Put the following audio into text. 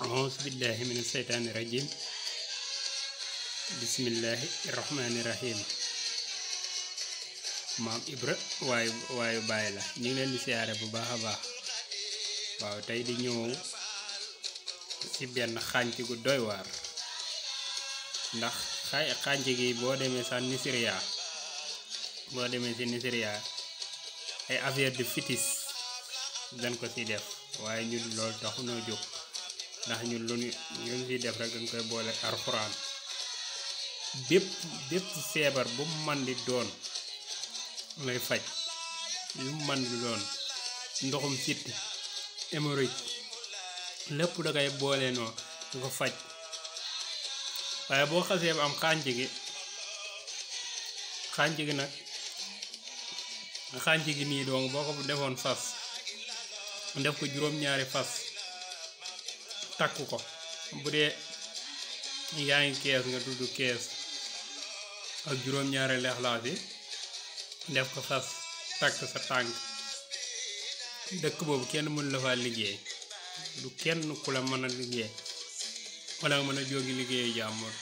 أعوذ بالله من الشيطان الرجيم بسم الله maam Ibra waayu waayu bàyyi la ñu ngi leen di bu baax a baax waaw tey di ñëw ci benn xànc gu doy waar ndax xay gi boo demee sa Nigéria boo demee ci Nigéria ay affaire de fétiche dañ ko ci def waaye ñun loolu taxu noo jóg ndax ñun lu ñu ñu def rek dañ koy boole alxuraan bépp bépp feebar bu mu man di doon lay faj lu mu man doon ndoxum sit hémorroïde lépp da koy boole noo di ko faj waaye boo xasee ba am xànc gi xànc gi nag xànc gi nii donc boo ko defoon fas def ko juróom-ñaari fas takk ko bu dee yaa ngi kees nga dudd kees ak juróom-ñaareelu ixlaas yi def ko fas takk sa tànk dëkk boobu kenn mënula la faa liggéey du kenn ku la mën a liggéey wala nga mën a jógi liggéeyu jàmbur